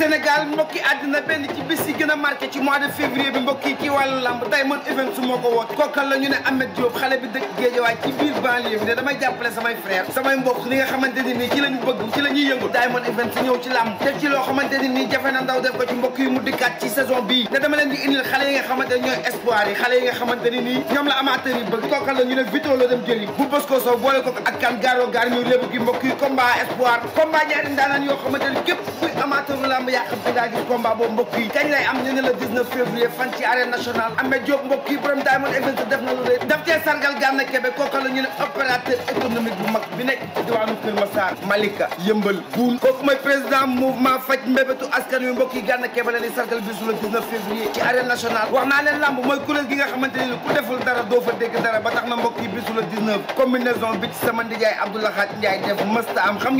Sénégal mbokki àddina benn ci bés yi gën a marqué ci mois de février bi mbokk yi ci wàllu lamb tey man event su moo ko woot kookal la ñu ne Ahmed Diop xale bi dëkk Géejawaay ci biir banlieue bi ne damay jàppale samay frère samay mbokk li nga xamante ni nii ci lañu bëgg ci la ñuy yëngu daay man event su ñëw ci lamb te ci loo xamante ni nii jafe na ndaw def ko ci mbokk yi mu dikkaat ci saison bii ne dama leen di indil xale yi nga xamante ñooy espoir yi xale yi amateur i yàqam ti daal di am ñu ne le 19 février fan ci arène nationale Ameth Diop mbokk yi borom Diamond Events def na lu rëy daf cee sargal Gana Kebe kooka la ñu ne opérateur économique bu mag bi nekk askan wi mbokk yi Kebe la ni sargal bisu le 19 février ci arène nationale wax naa leen lamb mooy kuréel gi nga xamante ni ku deful dara doo fa dégg dara ba tax na mbokk yi bisu le 19 combinaison bi ci sama ndijaay Abdoulaye Ndiaye def mësta am xam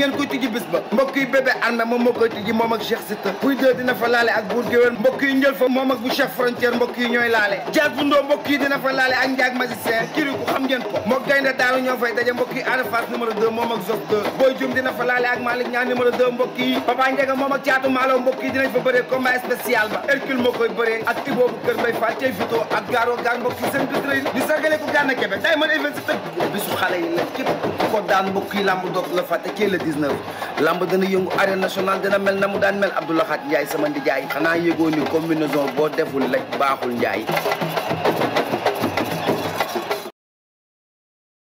moom ak Cheikh Sitta puy deux dina fa laale ak buur géwél mbokk yi njël fa bu Cheikh frontière mbokk yi ñooy laale jaas bu ndoo yi dina fa laale ak njaag magicien kiriku xam ngeen gaynde daawi ñoo fay daje mbokk yi Ada Fass numéro 2 moom ak Zof 2 Boy Dioum dina fa laale ak Malick Niang numéro 2 mbokk yi Papa Ndiaga moom ak Thiatou Malo mbokk yi dinañ fa bëree combat spécial ba Hercule moo koy bëree ak Ibo bu kër Mbaye Fall tey Vito ak Garo Gare mbokk yi seen sargale ko Gana Kebe day mën si tëgg bisu xale yi la képp ku ko daan mbokk lamb doog la fàtte kii la 19 lamb dana yëngu arène nationale dina mel na mu daan mel Abdou Lahat Ndiaye sama ndijaay xanaa yëgoo ni combinaison boo deful laj baaxul Ndiaye